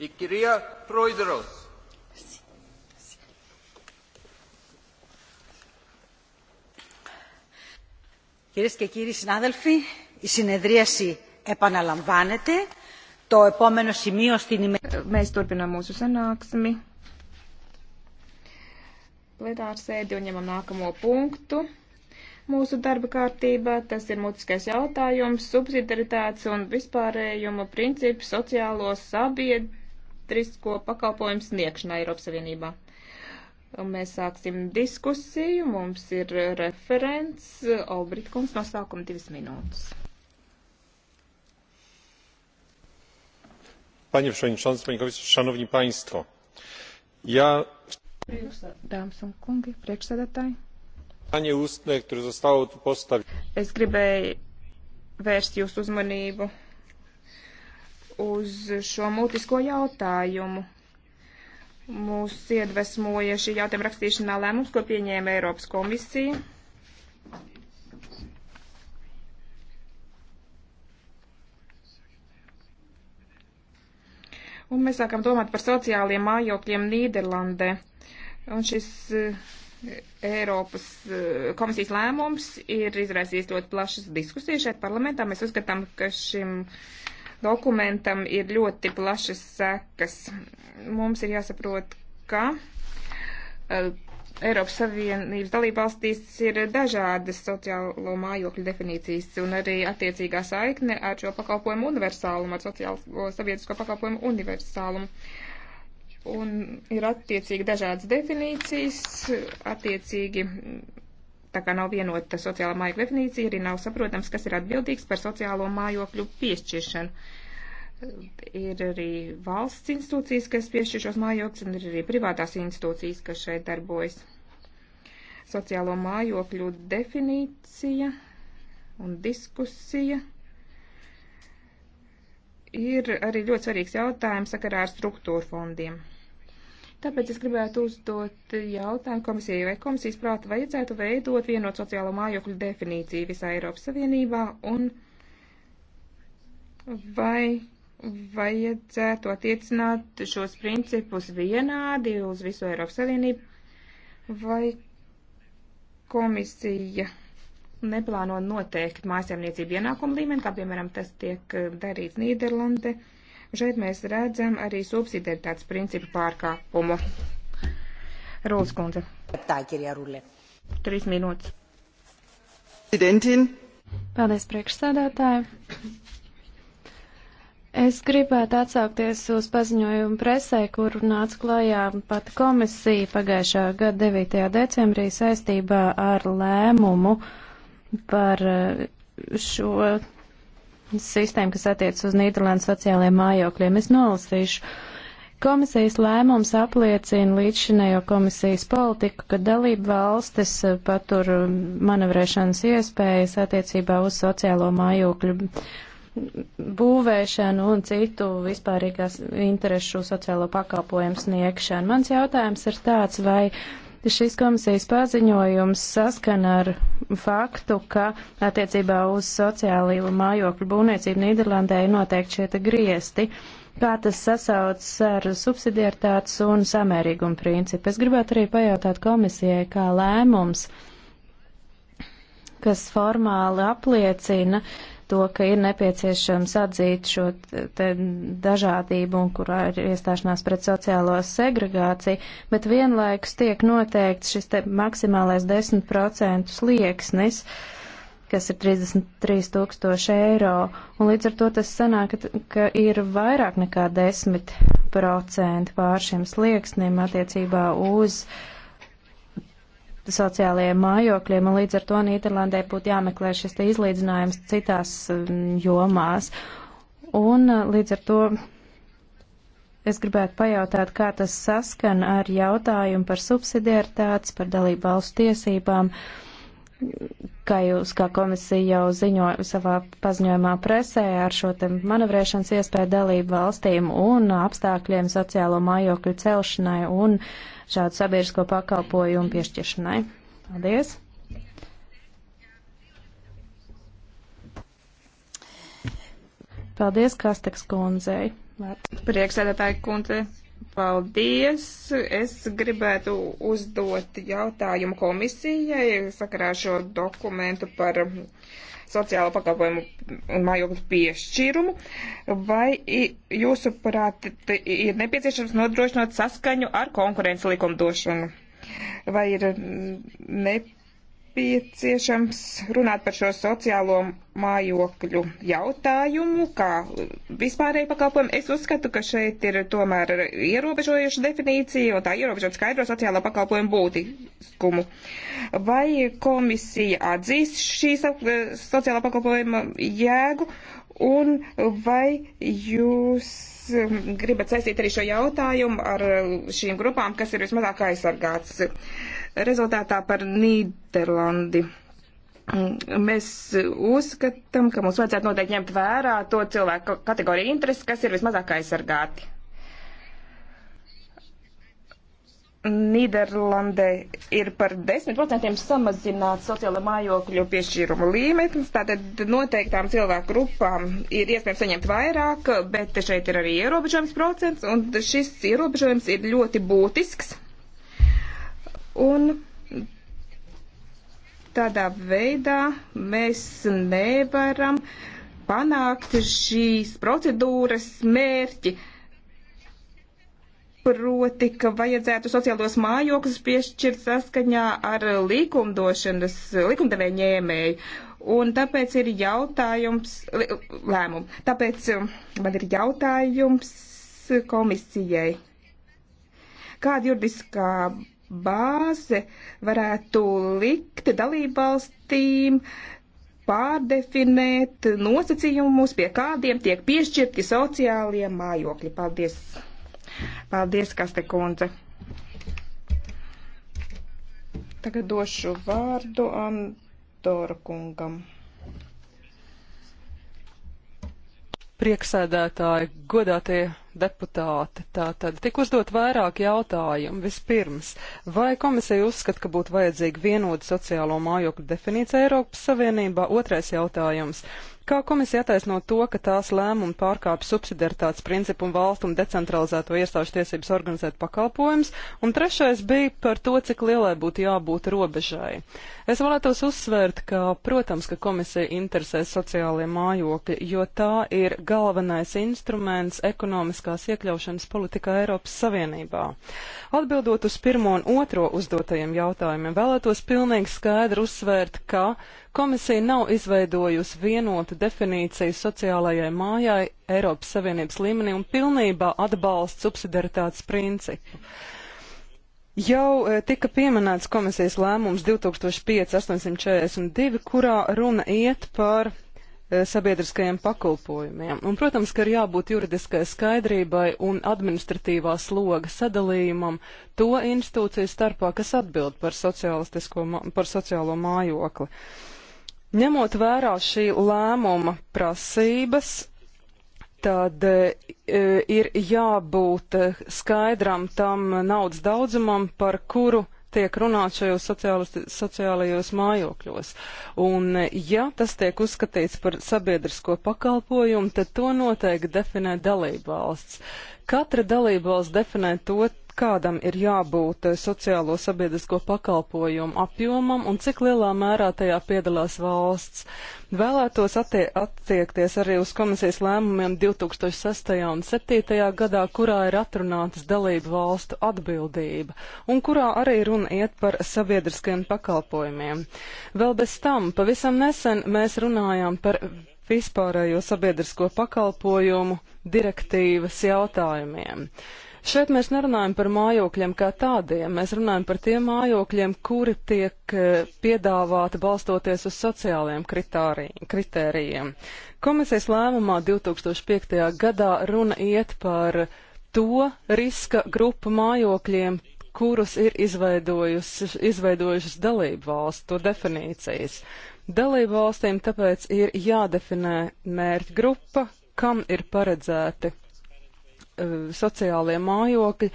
Η κυρία Πρόεδρος. Κυρίες και κύριοι συνάδελφοι, η συνεδρίαση επαναλαμβάνεται. Το επόμενο σημείο στην ημέρα... Mēs turpinām mūsu sanāksmi. Plenāru sēdi un ņemam nākamo punktu mūsu darba kārtībā. Tas ir mutiskais jautājums, subsidiaritātes un vispārējuma princips sociālo sabied, elektrisko pakalpojumu sniegšanā Eiropas Savienībā. Mēs sāksim diskusiju. Mums ir referents Olbritkungs no sākuma divas minūtes. Panie Przewodniczący, Panie Komisarzu, Szanowni Państwo. Ja... Dāmas un kungi, priekšsēdētāji. Panie ustne, które zostało tu postawione. Es gribēju vērst jūsu uzmanību uz šo mutisko jautājumu. Mūs iedvesmoja šī jautājuma rakstīšanā lēmums, ko pieņēma Eiropas komisija. Un mēs sākam domāt par sociāliem mājokļiem Nīderlandē. Un šis eh, Eiropas eh, komisijas lēmums ir izraisījis ļoti plašas diskusijas šeit parlamentā. Mēs uzskatām, ka šim uh, dokumentam ir ļoti plašas sekas. Mums ir jāsaprot, ka eh, Eiropas Savienības dalībvalstīs ir dažādas sociālo mājokļu definīcijas un arī attiecīgā saikne ar šo pakalpojumu universālumu, ar sociālo sabiedrisko pakalpojumu universālumu. Un ir attiecīgi dažādas definīcijas, attiecīgi tā kā nav vienota sociālā mājokļa definīcija, arī nav saprotams, kas ir atbildīgs par sociālo mājokļu piešķiršanu. Ir arī valsts institūcijas, kas piešķir šos mājokļus, un ir arī privātās institūcijas, kas šeit darbojas. Sociālo mājokļu definīcija un diskusija ir arī ļoti svarīgs jautājums sakarā ar struktūru fondiem. Tāpēc es gribētu uzdot jautājumu komisijai, vai komisijas prāta vajadzētu veidot vienot sociālo mājokļu definīciju visā Eiropas Savienībā un vai vajadzētu attiecināt šos principus vienādi uz visu Eiropas Savienību vai komisija neplāno noteikt mājasēmniecību ienākumu līmeni, kā piemēram tas tiek darīts Nīderlande. Šeit mēs redzam arī subsidiaritātes principu pārkāpumu. Rūlis kundze. Tā, Kirjā Rūlē. Trīs minūtes. Prezidentin. Paldies, priekšsēdētāji. Es gribētu atsaukties uz paziņojumu presē, kur nāca klajā pat komisija pagājušā gada 9. decembrī saistībā ar lēmumu par eh, šo sistēmu, kas attiec uz Nīderlandes sociālajiem mājokļiem. Es nolasīšu. Komisijas lēmums apliecina līdzšinējo komisijas politiku, ka dalība valstis eh, patur um, manevrēšanas iespējas attiecībā uz sociālo mājokļu būvēšanu un citu vispārīgās interešu sociālo pakalpojumu sniegšanu. Mans jautājums ir tāds, vai Šis komisijas paziņojums saskan ar faktu, ka attiecībā uz sociālo mājokļu būvniecību Nīderlandē ir noteikti šie griesti. Kā tas sasaucas ar subsidiaritātes un samērīgumu principu? Es gribētu arī pajautāt komisijai, kā lēmums, kas formāli apliecina uh, to, ka ir nepieciešams atzīt šo dažādību un kurā ir iestāšanās pret sociālo segregāciju, bet vienlaikus tiek noteikts šis te maksimālais 10% slieksnis, kas ir 33 tūkstoši eiro, un līdz ar to tas sanāk, ka, ka ir vairāk nekā 10% pār šiem slieksnim attiecībā uz uh, sociālajiem mājokļiem, un līdz ar to Nīderlandē būtu jāmeklē šis izlīdzinājums citās mm, jomās. Un uh, līdz ar to es gribētu pajautāt, kā tas saskan ar jautājumu par subsidiaritātes, par dalību valstu tiesībām. Uh, kā jūs, kā komisija jau ziņo savā paziņojumā presē ar šo te manevrēšanas iespēju dalību valstīm un apstākļiem sociālo mājokļu celšanai un šādu sabiedrisko pakalpojumu piešķiršanai. Paldies! Paldies, Kasteks kundzei. Priekšsēdētāji kundze, Paldies! Es gribētu uzdot jautājumu komisijai sakarā šo dokumentu par sociālo pakalpojumu un mājokļu piešķīrumu. Vai jūsuprāt ir nepieciešams nodrošināt saskaņu ar konkurences likumdošanu? Vai ir nepieciešams? nepieciešams runāt par šo sociālo mājokļu jautājumu, kā vispārēji pakalpojumu. Es uzskatu, ka šeit ir tomēr ierobežojuša definīcija, un tā ierobežot skaidro sociālo pakalpojumu būtiskumu. Vai komisija atzīst šīs eh, sociālā pakalpojuma jēgu, un vai jūs mm, gribat saistīt arī šo jautājumu ar eh, šīm grupām, kas ir vismazāk aizsargāts? Rezultātā par Nīderlandi. Mēs uzskatām, ka mums vajadzētu noteikti ņemt vērā to cilvēku kategoriju interesi, kas ir vismazāk aizsargāti. Nīderlandē ir par 10% samazināts sociāla mājokļu piešķīrumu līmenis, tātad noteiktām cilvēku grupām ir iespējams saņemt vairāk, bet šeit ir arī ierobežojums procents, un šis ierobežojums ir ļoti būtisks Un tādā veidā mēs nevaram panākt šīs procedūras mērķi. Proti, ka vajadzētu sociālos mājokļus piešķirt saskaņā ar likumdošanas, likumdevēja ņēmēju. Un tāpēc ir jautājums, lēmumu, tāpēc um, man ir jautājums komisijai. Kāda juridiskā bāze varētu likt dalībvalstīm pārdefinēt nosacījumus, pie kādiem tiek piešķirti sociālie mājokļi. Paldies! Paldies, Kaste kundze! Tagad došu vārdu Andoru kungam. Prieksēdētāji, godātie deputāti, tātad tik uzdot vairāk jautājumu. Vispirms, vai komisija uzskata, ka būtu vajadzīga vienoda sociālo mājokļu definīcija Eiropas Savienībā? Otrais jautājums. Kā komisija attaisno to, ka tās lēmumi pārkāpj subsidiaritātes principu un valstu un decentralizēto iestāžu tiesības organizēt pakalpojumus? Un trešais bija par to, cik lielai būtu jābūt robežai. Es vēlētos uzsvērt, ka, protams, ka komisija interesē sociālie mājokļi, jo tā ir galvenais instruments ekonomiskās iekļaušanas politikā Eiropas Savienībā. Atbildot uz pirmo un otro uzdotajiem jautājumiem, vēlētos pilnīgi skaidri uzsvērt, ka komisija nav izveidojusi vienotu definīciju sociālajai mājai Eiropas Savienības līmenī un pilnībā atbalsta subsidaritātes principu. Jau e, tika pieminēts komisijas lēmums 2005-842, kurā runa iet par e, sabiedriskajiem pakalpojumiem. Un, protams, ka ir jābūt juridiskai skaidrībai un administratīvā sloga sadalījumam to institūciju starpā, kas atbild par, par sociālo mājokli. Ņemot vērā šī lēmuma prasības tad e, ir jābūt skaidram tam naudas daudzumam, par kuru tiek runāts šajos sociālajos mājokļos. Un, ja tas tiek uzskatīts par sabiedrisko pakalpojumu, tad to noteikti definē dalībvalsts. Katra dalībvalsts definē to kādam ir jābūt eh, sociālo sabiedrisko pakalpojumu apjomam un cik lielā mērā tajā piedalās valsts. Vēlētos attie attiekties arī uz komisijas lēmumiem 2006. un 2007. gadā, kurā ir atrunātas dalību valstu atbildība un kurā arī runa iet par sabiedriskiem pakalpojumiem. Vēl bez tam, pavisam nesen mēs runājām par vispārējo sabiedrisko pakalpojumu direktīvas jautājumiem. Šeit mēs nerunājam par mājokļiem kā tādiem, mēs runājam par tiem mājokļiem, kuri tiek eh, piedāvāti balstoties uz sociālajiem kritērijiem. Komisijas lēmumā 2005. gadā runa iet par to riska grupu mājokļiem, kurus ir izveidojušas dalību valsts, to definīcijas. Dalību valstīm tāpēc ir jādefinē mērķgrupa, kam ir paredzēti Eh, sociālie mājokļi.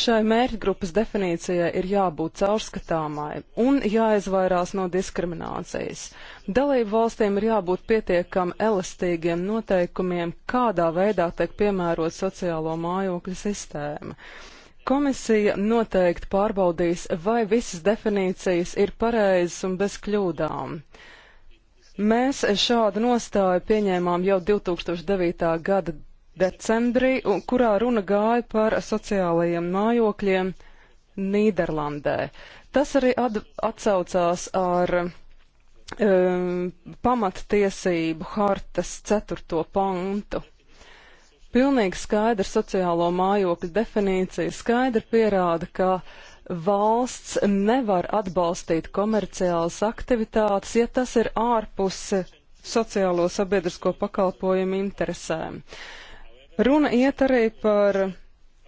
Šai mērķgrupas definīcijai ir jābūt caurskatāmai un jāizvairās no diskriminācijas. Dalību valstīm ir jābūt pietiekami elastīgiem noteikumiem, kādā veidā tiek piemērot sociālo mājokļu sistēma. Komisija noteikti pārbaudīs, vai visas definīcijas ir pareizas un bez kļūdām. Mēs šādu nostāju pieņēmām jau 2009. gada decembrī, kurā runa gāja par sociālajiem mājokļiem Nīderlandē. Tas arī atcaucās ar um, pamattiesību hartas 4. pantu. Pilnīgi skaidra sociālo mājokļu definīcija skaidri pierāda, ka valsts nevar atbalstīt komerciālas aktivitātes, ja tas ir ārpus sociālo sabiedrisko pakalpojumu interesēm. Uh, Runa iet arī par,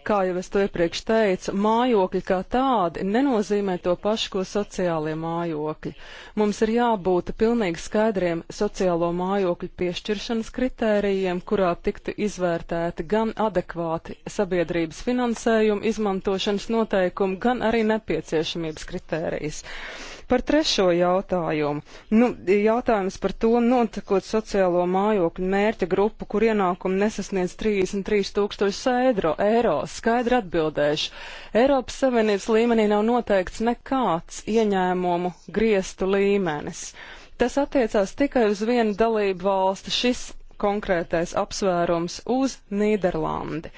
kā jau es to iepriekš teicu, mājokļi kā tādi nenozīmē to pašu, ko sociālie mājokļi. Mums ir jābūt pilnīgi skaidriem sociālo mājokļu piešķiršanas kritērijiem, kurā tiktu izvērtēti gan adekvāti sabiedrības finansējuma izmantošanas noteikumi, gan arī nepieciešamības kritērijas. Par trešo jautājumu. Nu, jautājums par to notekot sociālo mājokļu mērķa grupu, kur ienākumi nesasniedz 33 tūkstošus eiro. eiro. Skaidri atbildēšu. Eiropas Savienības līmenī nav noteikts nekāds ieņēmumu griestu līmenis. Tas attiecās tikai uz vienu dalību valsti. Šis konkrētais apsvērums uz Nīderlandi.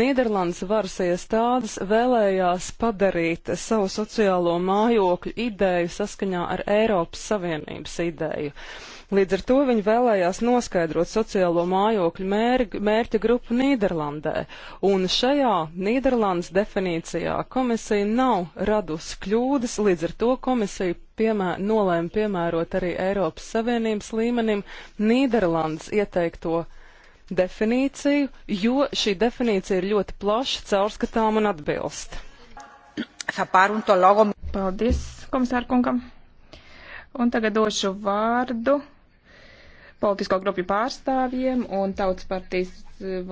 Nīderlandes varas iestādes vēlējās padarīt savu sociālo mājokļu ideju saskaņā ar Eiropas Savienības ideju. Līdz ar to viņi vēlējās noskaidrot sociālo mājokļu mērķu, mērķu grupu Nīderlandē, un šajā Nīderlandes definīcijā komisija nav radusi kļūdas, līdz ar to komisija piemē, nolēma piemērot arī Eiropas Savienības līmenim Nīderlandes ieteikto definīciju, jo šī definīcija ir ļoti plaša, caurskatām un atbilst. Paldies, komisārkungam. Un tagad došu vārdu politisko grupu pārstāvjiem un tautas partijas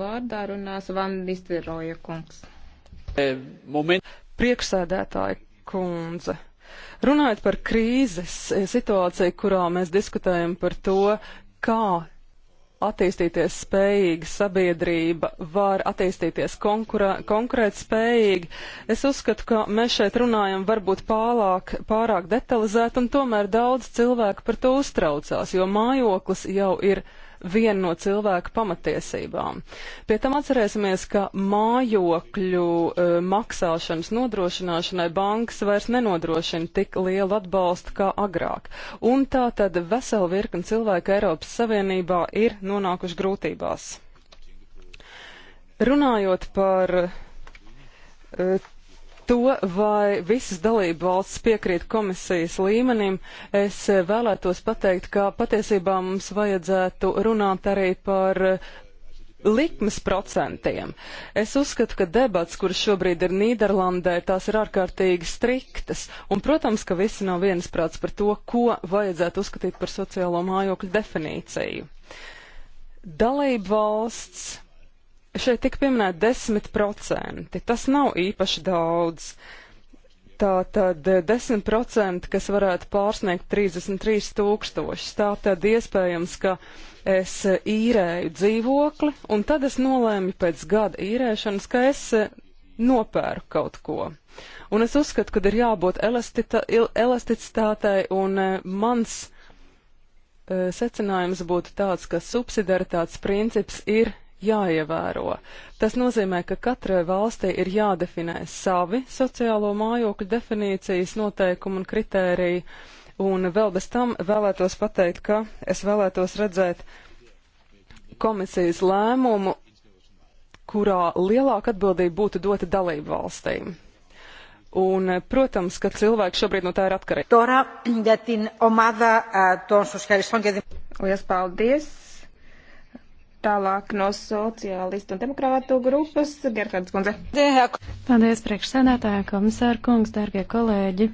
vārdā runās Vandis Roja kungs. Eh, moment. Priekšsēdētāja kundze. Runājot par krīzes situāciju, kurā mēs diskutējam par to, kā attīstīties spējīga sabiedrība, var attīstīties konkurēt spējīgi. Es uzskatu, ka mēs šeit runājam varbūt pārāk, pārāk detalizēt, un tomēr daudz cilvēku par to uztraucās, jo mājoklis jau ir viena no cilvēka pamatiesībām. Pie tam atcerēsimies, ka mājokļu uh, maksāšanas nodrošināšanai bankas vairs nenodrošina tik lielu atbalstu kā agrāk. Un tā tad vesela virkni cilvēku Eiropas Savienībā ir nonākuši grūtībās. Runājot par uh, to, vai visas dalību valsts piekrīt komisijas līmenim, es eh, vēlētos pateikt, ka patiesībā mums vajadzētu runāt arī par eh, likmes procentiem. Es uzskatu, ka debats, kuras šobrīd ir Nīderlandē, tās ir ārkārtīgi striktas, un, protams, ka visi nav viensprāts par to, ko vajadzētu uzskatīt par sociālo mājokļu definīciju. Dalību valsts Šeit tik pieminēt 10%. Tas nav īpaši daudz. Tātad 10%, eh, kas varētu pārsniegt 33 tūkstošus. Tātad iespējams, ka es eh, īrēju dzīvokli, un tad es nolēmu pēc gada īrēšanas, ka es eh, nopērku kaut ko. Un es uzskatu, ka ir jābūt elasticitātei, un mans secinājums būtu tāds, ka subsidiaritātes princips ir jāievēro. Tas nozīmē, ka katrai valstī ir jādefinē savi sociālo mājokļu definīcijas noteikumi un kritēriji, un vēl bez tam vēlētos pateikt, ka es vēlētos redzēt komisijas lēmumu, kurā lielāka atbildība būtu dota dalību valstīm. Un, protams, ka cilvēki šobrīd no tā ir atkarīgi. Liels paldies! Tālāk no sociālistu un demokrātu grupas Gerhards Kundze. Paldies, priekšsēdētāja komisāra kungs, dārgie kolēģi.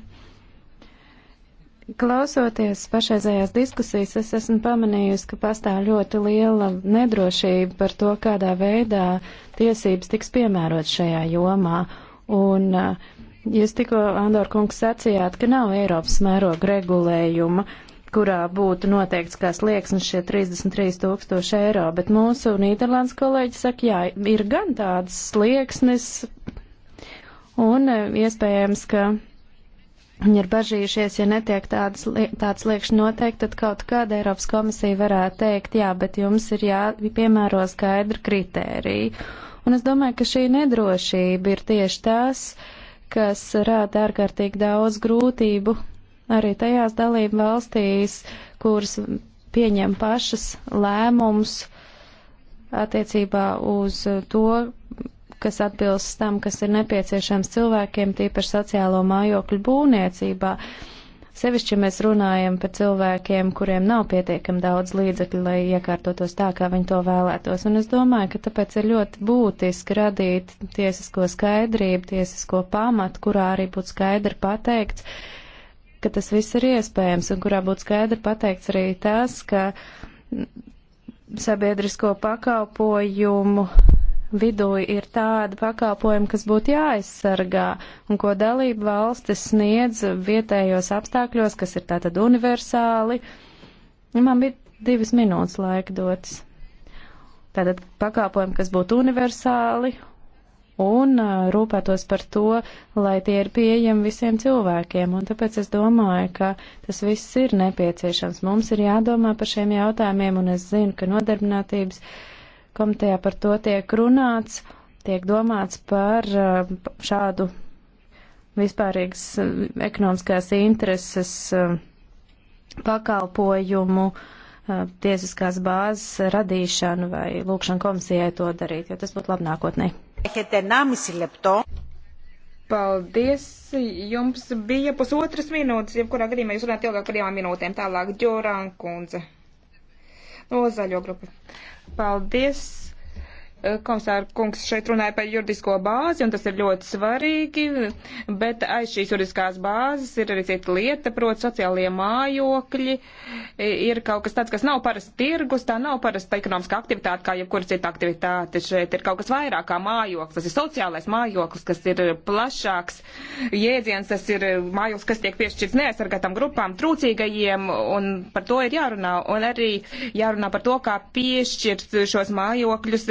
Klausoties pašreizējās diskusijas, es esmu pamanījusi, ka pastāv ļoti liela nedrošība par to, kādā veidā tiesības tiks piemērot šajā jomā. Un uh, jūs tikko, Andor kungs, sacījāt, ka nav Eiropas mēroga regulējuma. Uh, kurā būtu noteikts kā slieksnis šie 33 tūkstoši eiro, bet mūsu Nīderlands kolēģi saka, jā, ir gan tāds slieksnis, un e, iespējams, ka viņi ir bažījušies, ja netiek tāds, tāds liekšņi noteikti, tad kaut kāda Eiropas komisija varētu teikt, jā, bet jums ir jāpiemēro skaidra kritērija. Un es domāju, ka šī nedrošība ir tieši tās, kas rāda ārkārtīgi daudz grūtību arī tajās dalību valstīs, kuras pieņem pašas lēmums attiecībā uz to, kas atbilst tam, kas ir nepieciešams cilvēkiem, tīpaši sociālo mājokļu būvniecībā. Sevišķi, ja mēs runājam par cilvēkiem, kuriem nav pietiekami daudz līdzekļu, lai iekārtotos tā, kā viņi to vēlētos. Un es domāju, ka tāpēc ir ļoti būtiski radīt tiesisko skaidrību, tiesisko pamatu, kurā arī būtu skaidri pateikts, ka tas viss ir iespējams un kurā būtu skaidri pateikts arī tas, ka sabiedrisko pakalpojumu vidū ir tāda pakalpojuma, kas būtu jāaizsargā un ko dalība valstis sniedz vietējos apstākļos, kas ir tātad universāli. Man bija divas minūtes laika dotas. Tātad pakalpojumi, kas būtu universāli un rūpētos par to, lai tie ir pieejami visiem cilvēkiem. Un tāpēc es domāju, ka tas viss ir nepieciešams. Mums ir jādomā par šiem jautājumiem, un es zinu, ka nodarbinātības komitejā par to tiek runāts, tiek domāts par šādu vispārīgas ekonomiskās intereses pakalpojumu tiesiskās bāzes radīšanu vai lūkšanu komisijai to darīt, jo tas būtu labi nākotnē. Paldies! Jums bija pusotras minūtes, jebkurā gadījumā jūs runājat ilgāk par divām minūtēm. Tālāk, Džorāna kundze. No zaļo grupu. Paldies! Komisāra kungs šeit runāja par juridisko bāzi, un tas ir ļoti svarīgi, bet aiz šīs juridiskās bāzes ir arī cita lieta, proti sociālie mājokļi, ir kaut kas tāds, kas nav parasti tirgus, tā nav parasta ekonomiska aktivitāte, kā jebkura cita aktivitāte. Šeit ir kaut kas vairāk kā mājoklis, tas ir sociālais mājoklis, kas ir plašāks jēdziens, tas ir mājoklis, kas tiek piešķirts neaizsargātām grupām, trūcīgajiem, un par to ir jārunā, un arī jārunā par to, kā piešķirt šos mājokļus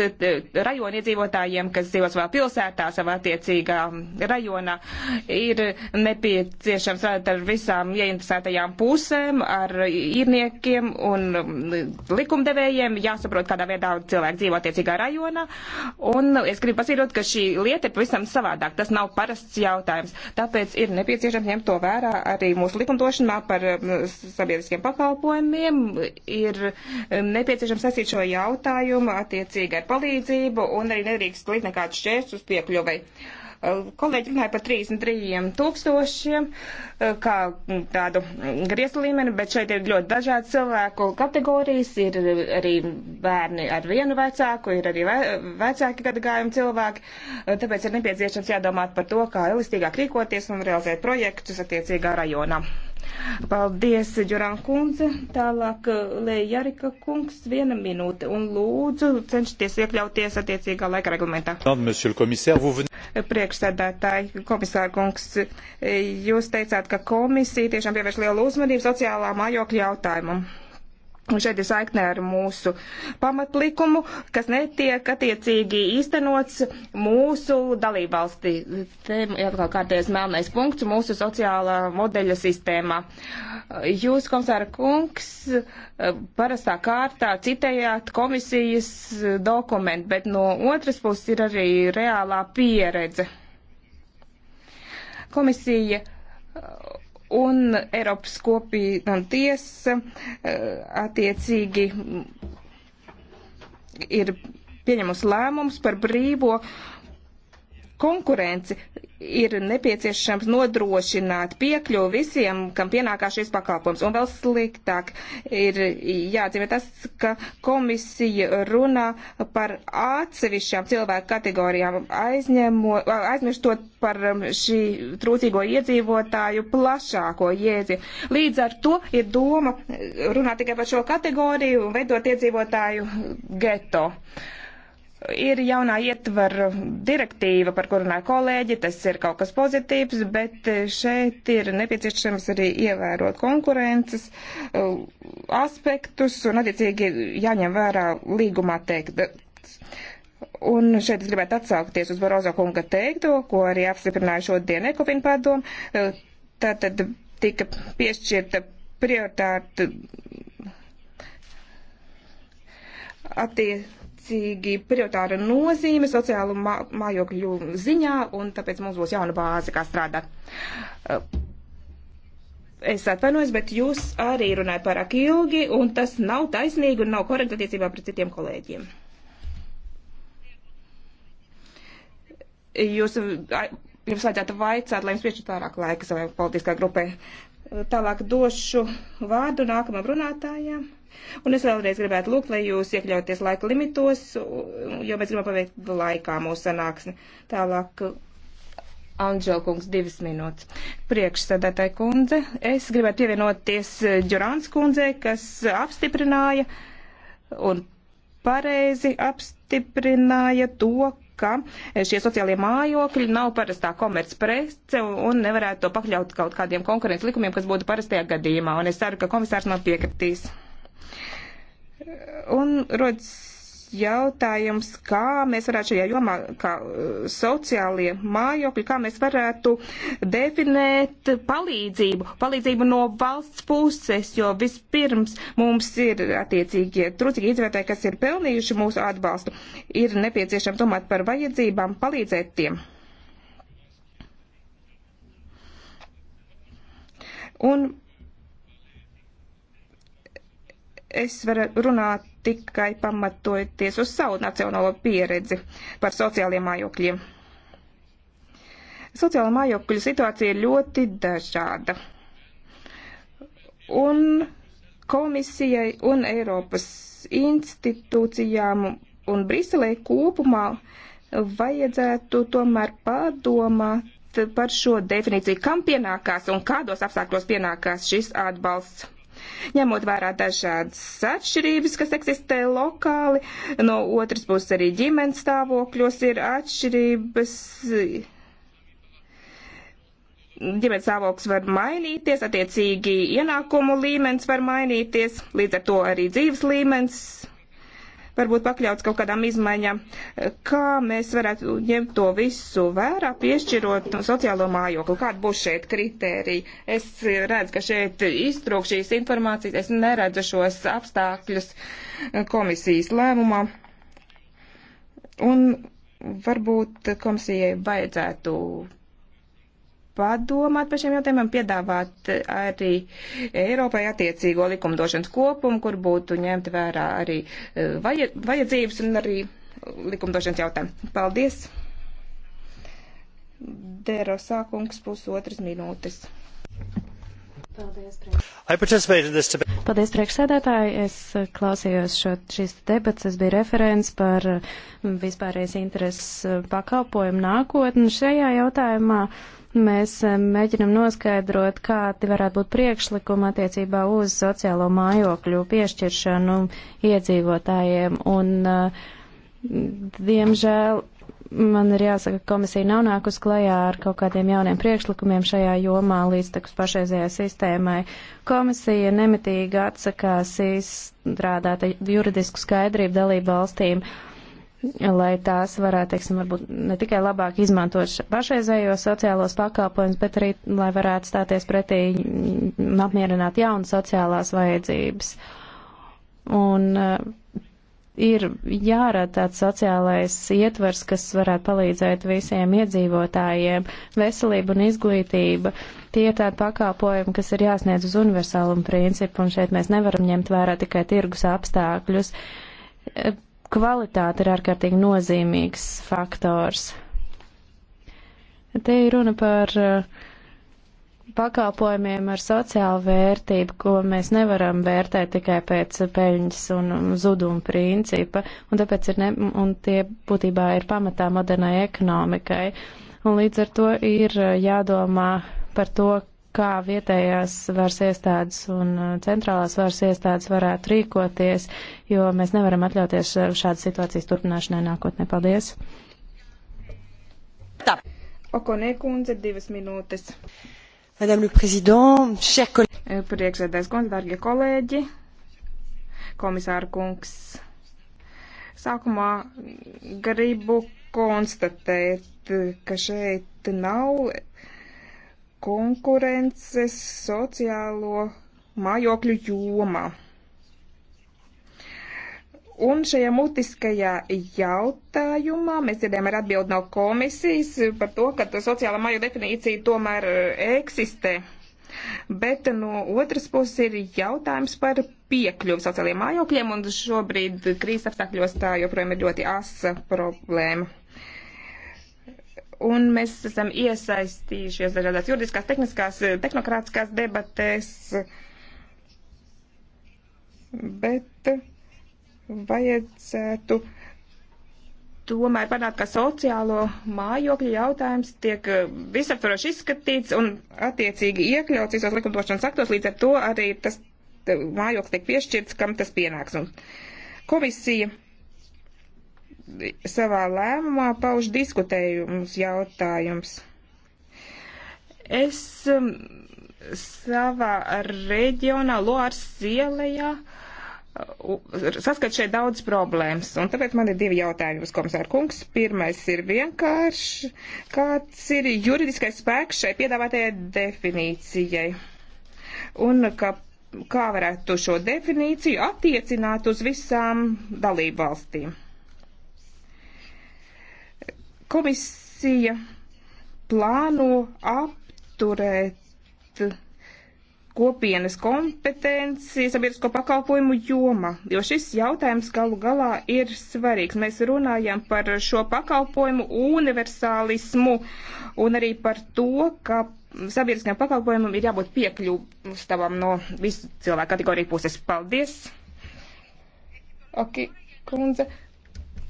rajona iedzīvotājiem, kas dzīvo savā pilsētā, savā attiecīgā rajonā, ir nepieciešams strādāt ar visām ieinteresētajām pusēm, ar īrniekiem un likumdevējiem, jāsaprot, kādā veidā cilvēki dzīvo attiecīgā rajonā. Un es gribu pasīrot, ka šī lieta ir pavisam savādāk. Tas nav parasts jautājums. Tāpēc ir nepieciešams ņemt to vērā arī mūsu likumdošanā par um, sabiedriskiem pakalpojumiem. Ir nepieciešams saistīt šo jautājumu attiecīgi ar palīdzību uzraudzību un arī nedrīkst likt nekādus šķērsus piekļuvai. Kolēģi runāja par 33 tūkstošiem, kā tādu griezu līmeni, bet šeit ir ļoti dažādi cilvēku kategorijas. Ir arī bērni ar vienu vecāku, ir arī ve vecāki gadagājumi cilvēki. Tāpēc ir nepieciešams jādomāt par to, kā elastīgāk rīkoties un realizēt projektus attiecīgā rajonā. Paldies, Ģurān kundze. Tālāk eh, Lēja Jarika kungs, viena minūte. Un lūdzu, cenšaties iekļauties attiecīgā laika reglamentā. Priekšsēdētāji, komisāra kungs, eh, jūs teicāt, ka komisija tiešām pievērš lielu uzmanību sociālā mājokļa jautājumam. Un šeit ir saikne ar mūsu pamatlikumu, kas netiek attiecīgi īstenots mūsu dalībvalstī. Te atkal kārtējas melnais punkts mūsu sociālā modeļa sistēmā. Jūs, komisāra kungs, parastā kārtā citējāt komisijas dokumentu, bet no otras puses ir arī reālā pieredze. Komisija un Eiropas kopiena tiesa eh, attiecīgi mm, ir pieņemusi lēmums par brīvo konkurenci, ir nepieciešams nodrošināt piekļuvu visiem, kam pienākā šis pakalpojums. Un vēl sliktāk ir jāatzīmē tas, ka komisija runā par atsevišķām cilvēku kategorijām, aizņemo, aizmirstot par šī trūcīgo iedzīvotāju plašāko jēdzienu. Līdz ar to ir doma runāt tikai par šo kategoriju un veidot iedzīvotāju geto. Uh, ir jaunā ietvara direktīva, par kuru runāja kolēģi, tas ir kaut kas pozitīvs, bet eh, šeit ir nepieciešams arī ievērot konkurences eh, aspektus un attiecīgi jāņem vērā līgumā teikt. Un šeit es gribētu atsaukties uz Barozo kunga teikto, ko arī apstiprināja šodien Ekofin padomu. Eh, tātad tika piešķirta prioritāte attiecībā attiecīgi prioritāra nozīme sociālu mā, mājokļu ziņā, un tāpēc mums būs jauna bāze, kā strādāt. Eh, es atvainojos, bet jūs arī runājat pārāk ilgi, un tas nav taisnīgi un nav korekti attiecībā pret citiem kolēģiem. Jūs, jums vajadzētu vaicāt, lai jums piešķirt vairāk laika savai politiskā grupē. Tālāk došu vārdu nākamam runātājam. Un es vēlreiz gribētu lūgt, lai jūs iekļauties laika limitos, jo mēs gribam paveikt laikā mūsu sanāksni. Tālāk Anģelkungs divas minūtes. Priekšsēdētāji kundze, es gribētu pievienoties Ģurāns kundzei, kas apstiprināja un pareizi apstiprināja to, ka šie sociālie mājokļi nav parastā komercprece un nevarētu to pakļaut kaut kādiem konkurences likumiem, kas būtu parastajā gadījumā. Un es ceru, ka komisārs man piekritīs. Un rodas jautājums, kā mēs varētu šajā jomā, kā eh, sociālie mājokļi, kā mēs varētu definēt palīdzību, palīdzību no valsts puses, jo vispirms mums ir attiecīgie trūcīgi iedzīvotāji, kas ir pelnījuši mūsu atbalstu, ir nepieciešams domāt par vajadzībām, palīdzēt tiem. Un es varu runāt tikai pamatojoties uz savu nacionālo pieredzi par sociāliem mājokļiem. Sociāla mājokļu situācija ir ļoti dažāda. Un komisijai un Eiropas institūcijām un Briselē kopumā vajadzētu tomēr padomāt par šo definīciju, kam pienākās un kādos apstākļos pienākās šis atbalsts ņemot vērā dažādas atšķirības, kas eksistē lokāli, no otras puses arī ģimenes stāvokļos ir atšķirības ģimenes stāvoklis var mainīties, attiecīgi ienākumu līmenis var mainīties, līdz ar to arī dzīves līmenis varbūt pakļauts kaut kādām izmaiņām. Kā mēs varētu ņemt to visu vērā, piešķirot sociālo mājokli? Kāda būs šeit kritērija? Es redzu, ka šeit iztrūk šīs informācijas, es neredzu šos apstākļus komisijas lēmumā. Un varbūt komisijai vajadzētu padomāt par šiem jautājumiem, piedāvāt eh, arī Eiropai attiecīgo likumdošanas kopumu, kur būtu ņemti vērā arī eh, vajadzības un arī likumdošanas jautājumi. Paldies! Dero sākums pusotras minūtes. Paldies, priekšsēdētāji. Paldies, priekšsēdētāji. Es eh, klausījos šo, šīs debats, es biju referents par vispārējais intereses pakalpojumu nākotni šajā jautājumā. Uh, Mēs eh, mēģinam noskaidrot, kādi varētu būt priekšlikumi attiecībā uz sociālo mājokļu piešķiršanu iedzīvotājiem. Un, eh, diemžēl, man ir jāsaka, ka komisija nav nākus klajā ar kaut kādiem jauniem priekšlikumiem šajā jomā līdztekus pašreizējai sistēmai. Komisija nemitīgi atsakās izstrādāt juridisku skaidrību dalību valstīm. Uh, lai tās varētu, teiksim, varbūt ne tikai labāk izmantot pašreizējos sociālos pakalpojumus, bet arī, lai varētu stāties pretī un apmierināt jaunas sociālās vajadzības. Un uh, ir jārada tāds sociālais ietvers, kas varētu palīdzēt visiem iedzīvotājiem. Veselība un izglītība tie ir tādi pakalpojumi, kas ir jāsniedz uz universālumu principu, un šeit mēs nevaram ņemt vērā tikai tirgus apstākļus. Uh, kvalitāte ir ārkārtīgi nozīmīgs faktors. Te ir runa par uh, pakalpojumiem ar sociālu vērtību, ko mēs nevaram vērtēt tikai pēc peļņas un um, zuduma principa, un tāpēc ir ne, un tie būtībā ir pamatā modernai ekonomikai. Un līdz ar to ir uh, jādomā par to, kā vietējās varas iestādes un uh, centrālās varas iestādes varētu rīkoties, jo mēs nevaram atļauties uh, šādas situācijas turpināšanai nākotnē. Paldies! Tā. Okonē kundze, divas minūtes. Madame le Président, chers collègues. Eh, Priekšsēdēs kundze, dārgie kolēģi, komisāra kungs. Sākumā gribu konstatēt, ka šeit nav konkurences sociālo mājokļu jomā. Un šajā mutiskajā jautājumā mēs dzirdējām ar atbildi no komisijas par to, ka sociāla māju definīcija tomēr e, eksistē. Bet no otras puses ir jautājums par piekļuvu sociālajiem mājokļiem, un šobrīd krīzes apstākļos tā joprojām ir ļoti asa problēma un mēs esam iesaistījušies dažādās juridiskās, tehniskās, tehnokrātiskās debatēs, bet vajadzētu tomēr panākt, ka sociālo mājokļu jautājums tiek visaptvaroši izskatīts un attiecīgi iekļauts visos likumdošanas aktos, līdz ar to arī tas mājoklis tiek piešķirts, kam tas pienāks. Un komisija savā lēmumā pauž diskutējums jautājums. Es um, savā reģionā Loārs ielējā saskat šeit daudz problēmas, un tāpēc man ir divi jautājumi uz komisāru kungs. Pirmais ir vienkārši, kāds ir juridiskais spēks šai piedāvātajai definīcijai, un ka, kā varētu šo definīciju attiecināt uz visām dalību valstīm. Komisija plāno apturēt kopienas kompetenci sabiedrisko pakalpojumu joma, jo šis jautājums galu galā ir svarīgs. Mēs runājam par šo pakalpojumu universālismu un arī par to, ka sabiedriskajam pakalpojumam ir jābūt piekļuvavam no visu cilvēku kategoriju puses. Paldies! Ok, kundze.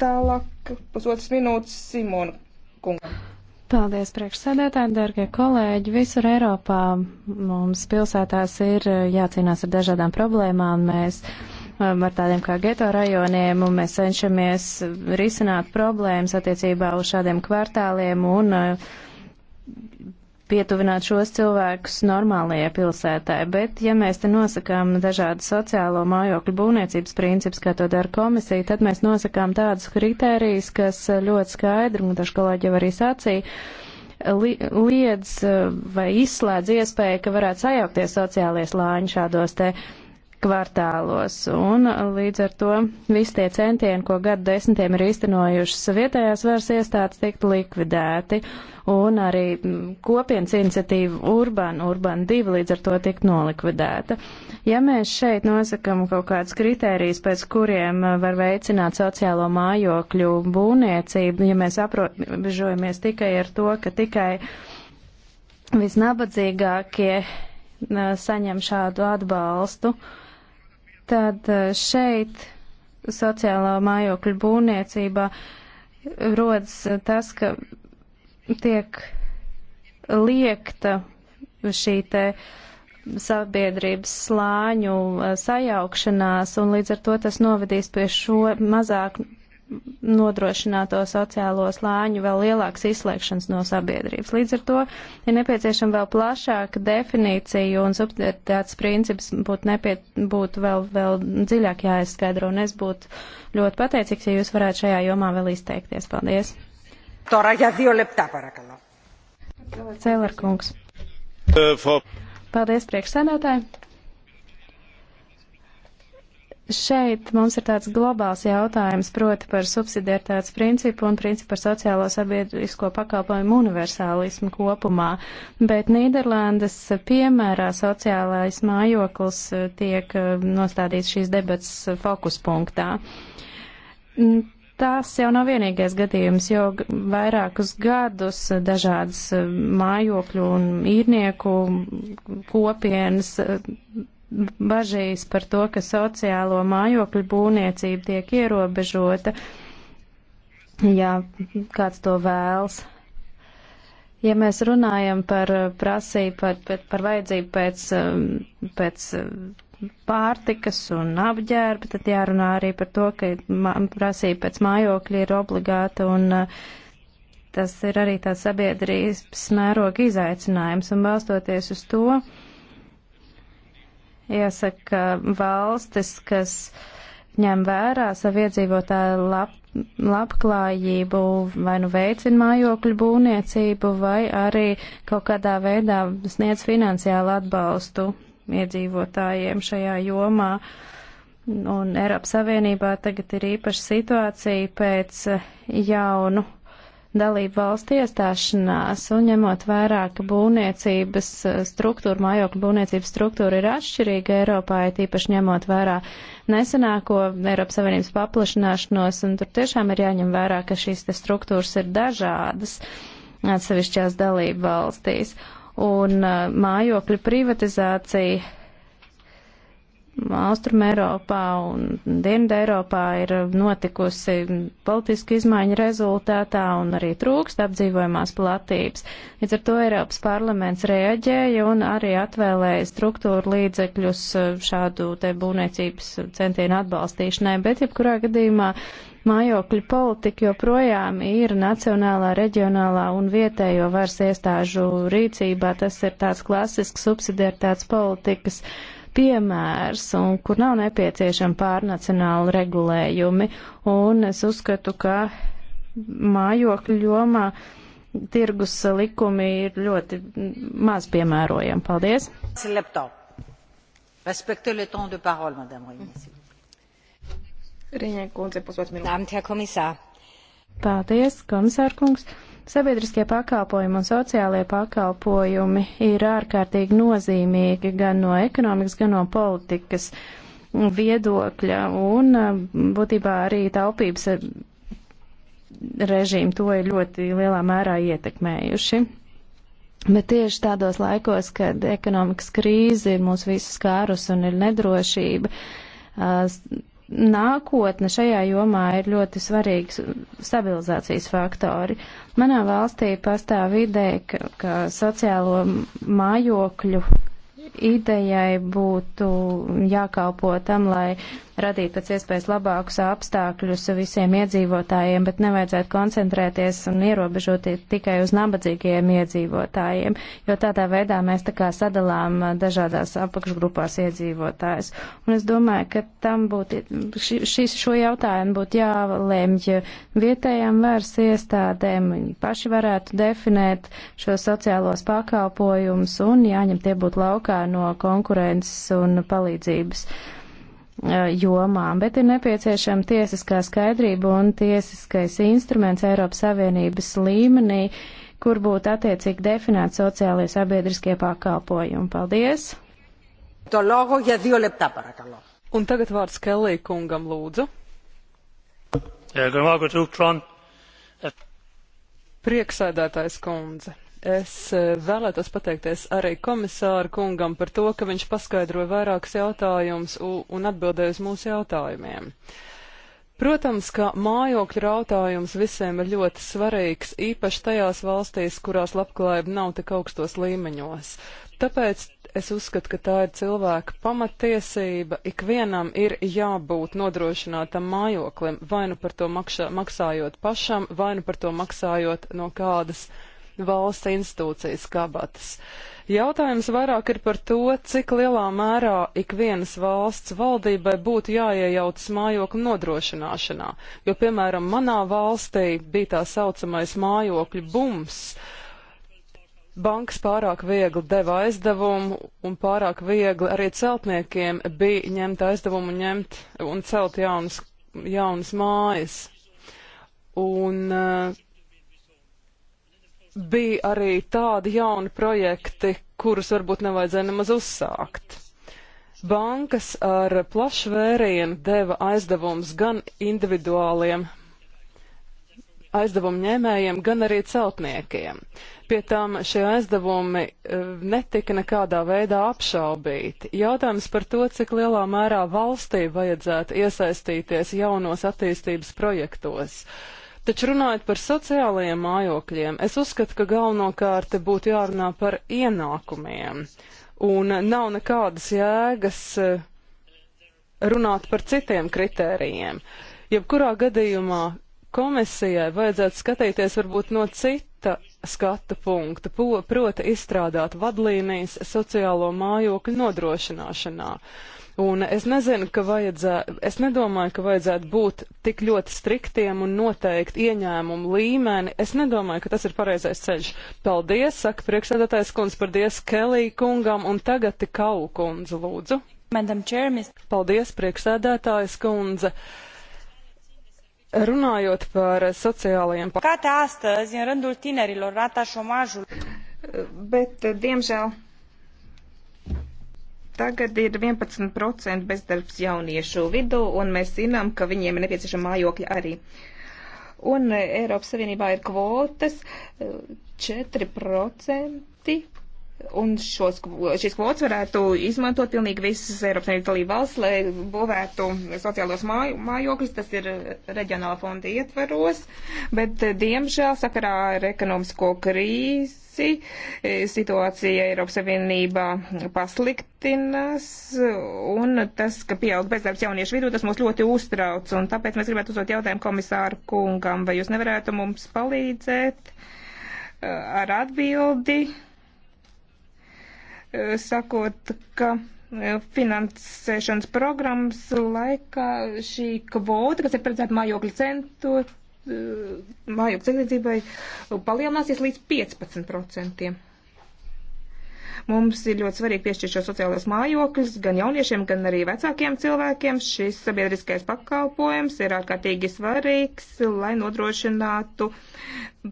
Tālāk pusotras minūtes Simona kungam. Paldies, priekšsēdētāji, darbie kolēģi. Visur Eiropā mums pilsētās ir eh, jācīnās ar dažādām problēmām. Mēs um, ar tādiem kā geto rajoniem un mēs cenšamies risināt problēmas attiecībā uz šādiem kvartāliem un uh, pietuvināt šos cilvēkus normālajai pilsētai, bet ja mēs te nosakām dažādu sociālo mājokļu būvniecības principus, kā to dara komisija, tad mēs nosakām tādus kritērijus, kas ļoti skaidri, un taču kolēģi jau arī sacīja, li liedz vai izslēdz iespēju, ka varētu sajaukties sociālie slāņi šādos te uh, kvartālos. Un līdz ar to visi tie centieni, ko gadu desmitiem ir īstenojušas vietējās varas iestādes, tiktu likvidēti. Un arī mm, kopienas iniciatīva Urban, Urban 2 līdz ar to tiktu nolikvidēta. Ja mēs šeit nosakam kaut kādus kritērijus, pēc kuriem mm, var veicināt sociālo mājokļu būvniecību, ja mēs aprobežojamies tikai ar to, ka tikai visnabadzīgākie mm, saņem šādu atbalstu, uh, tad eh, šeit sociālā mājokļa būvniecībā rodas eh, tas, ka tiek liekta šī te sabiedrības slāņu eh, sajaukšanās, un līdz ar to tas novedīs pie šo mazāk nodrošināto sociālo slāņu vēl lielāks izslēgšanas no sabiedrības. Līdz ar to ir nepieciešama vēl plašāka definīcija un subsidiaritātes princips būtu nepiet, būt vēl, vēl dziļāk jāizskaidro, un es būtu ļoti pateicīgs, ja jūs varētu šajā jomā vēl izteikties. Paldies! Cēlērkungs. Uh, Paldies, priekšsēdētāji! Šeit mums ir tāds globāls jautājums, proti par subsidiertāts principu un principu par sociālo sabiedrisko pakalpojumu universālismu kopumā, bet Nīderlandes piemērā sociālais mājoklis eh, tiek eh, nostādīts šīs debats fokuspunktā. Tas jau nav vienīgais gadījums, jo vairākus gadus dažādas eh, mājokļu un īrnieku kopienas bažīs par to, ka sociālo mājokļu būvniecība tiek ierobežota, ja kāds to vēlas. Ja mēs runājam par prasību, par, par, par vajadzību pēc, pēc pārtikas un apģērba, tad jārunā arī par to, ka prasība pēc mājokļa ir obligāta un tas ir arī tāds sabiedrības mēroga izaicinājums un balstoties uz to, uh, Jāsaka, ka valstis, kas ņem vērā savu iedzīvotāju lab, labklājību, vai nu veicina mājokļu būvniecību, vai arī kaut kādā veidā sniedz finansiālu atbalstu iedzīvotājiem šajā jomā. Un Eiropas Savienībā tagad ir īpaša situācija pēc jaunu dalību valstu iestāšanās un ņemot vērā, ka būvniecības eh, struktūra, mājokļu būvniecības struktūra ir atšķirīga Eiropā, ja tīpaši ņemot vērā nesenāko Eiropas Savienības paplašanāšanos, un tur tiešām ir jāņem vērā, ka šīs te struktūras ir dažādas atsevišķās dalību valstīs. Un eh, mājokļu privatizācija Austrum Eiropā un Dienvidu Eiropā ir notikusi politiska izmaiņa rezultātā un arī trūkst apdzīvojumās platības. Līdz ar to Eiropas parlaments reaģēja un arī atvēlēja struktūru līdzekļus šādu te būvniecības centienu atbalstīšanai, bet jebkurā gadījumā mājokļu politika joprojām ir nacionālā, reģionālā un vietējo varas iestāžu rīcībā. Tas ir tāds klasisks subsidiaritātes politikas piemērs un kur nav nepieciešama pārnacionāla regulējumi. Un es uzskatu, ka mājokļu jomā tirgus likumi ir ļoti maz piemērojami. Paldies! Respektez le temps de parole, Madame Régnier. Régnier, kundze, pusotru minūti. Paldies, komisārkungs. Sabiedriskie pakalpojumi un sociālie pakalpojumi ir ārkārtīgi nozīmīgi gan no ekonomikas, gan no politikas viedokļa un eh, būtībā arī taupības eh, režīmu to ir ļoti lielā mērā ietekmējuši. Bet tieši tādos laikos, kad ekonomikas krīze ir mūs visus skārus un ir nedrošība, eh, nākotne šajā jomā ir ļoti svarīgs stabilizācijas faktori. Manā valstī pastāv ideja, ka, ka sociālo mājokļu idejai būtu jākalpo tam, lai radītu pēc iespējas labākus apstākļus visiem iedzīvotājiem, bet nevajadzētu koncentrēties un ierobežot tikai uz nabadzīgajiem iedzīvotājiem, jo tādā veidā mēs tā kā sadalām dažādās apakšgrupās iedzīvotājus. Un es domāju, ka tam būtu, šis, šo jautājumu būtu jālēmj vietējām vērs iestādēm, viņi paši varētu definēt šos sociālos pakalpojumus un jāņem tie būtu laukā lokā no konkurences un palīdzības eh, jomām, bet ir nepieciešama tiesiskā skaidrība un tiesiskais instruments Eiropas Savienības līmenī, kur būtu attiecīgi definēti sociālie sabiedriskie pakalpojumi. Paldies! Un tagad vārds Kellī kungam lūdzu. Prieksēdētājs kundze Es eh, vēlētos pateikties arī komisāru kungam par to, ka viņš paskaidroja vairākus jautājumus un atbildēja uz mūsu jautājumiem. Protams, ka mājokļu jautājums visiem ir ļoti svarīgs, īpaši tajās valstīs, kurās labklājība nav tik augstos līmeņos. Tāpēc es uzskatu, ka tā ir cilvēka pamatiesība. Ikvienam ir jābūt nodrošinātam mājoklim, vai nu par to makšā, maksājot pašam, vai nu par to maksājot no kādas valsts institūcijas kabatas. Jautājums vairāk ir par to, cik lielā mērā ik vienas valsts valdībai būtu jāiejaucas mājokļu nodrošināšanā, jo, piemēram, manā valstī bija tā saucamais mājokļu bums. Bankas pārāk viegli deva aizdevumu, un pārāk viegli arī celtniekiem bija ņemt aizdevumu un, ņemt, un celt jaunas, jaunas mājas. Un uh, bija arī tādi jauni projekti, kurus varbūt nevajadzēja nemaz uzsākt. Bankas ar plašu vērienu deva aizdevums gan individuāliem aizdevumu ņēmējiem, gan arī celtniekiem. Pie tam šie aizdevumi e, netika nekādā veidā apšaubīti. Jautājums par to, cik lielā mērā valstī vajadzētu iesaistīties jaunos attīstības projektos. Uh, Taču runājot par sociālajiem mājokļiem, es uzskatu, ka galvenokārt būtu jārunā par ienākumiem. Un nav nekādas jēgas eh, runāt par citiem kritērijiem. Jebkurā gadījumā komisijai vajadzētu skatīties varbūt no cita skata punkta, proti izstrādāt vadlīnijas sociālo mājokļu nodrošināšanā. Uh, Un es nezinu, ka vajadzētu, es nedomāju, ka vajadzētu būt tik ļoti striktiem un noteikt ieņēmumu līmeni. Es nedomāju, ka tas ir pareizais ceļš. Paldies, saka priekšsēdētājs kundze, paldies Kelī kungam un tagad tikau kundze, lūdzu. Paldies, priekšsēdētājs kundze. Runājot par sociālajiem pakāpieniem. Bet, diemžēl, Tagad ir 11% bezdarbs jauniešu vidū, un mēs zinām, ka viņiem ir nepieciešama mājokļa arī. Un eh, Eiropas Savienībā ir kvotas 4% eh, Un šos, šīs kvotas varētu izmantot pilnīgi visas Eiropas Savienības dalība valsts, lai būvētu sociālos māj, mājokļus, tas ir reģionāla fonda ietveros, bet diemžēl sakarā ar ekonomisko krīzi e, situācija Eiropas Savienībā pasliktinas, un tas, ka pieaug bezdarbs jauniešu vidū, tas mūs ļoti uztrauc, un tāpēc mēs gribētu uzdot jautājumu komisāru kungam, vai jūs nevarētu mums palīdzēt e, ar atbildi? Eh, sakot, ka eh, finansēšanas programmas laikā šī kvota, kas ir paredzēta mājokļu centu, eh, mājokļu celtniecībai, palielināsies līdz 15%. Mums ir ļoti svarīgi piešķirt šo sociālos mājokļus gan jauniešiem, gan arī vecākiem cilvēkiem. Šis sabiedriskais pakalpojums ir ārkārtīgi svarīgs, lai nodrošinātu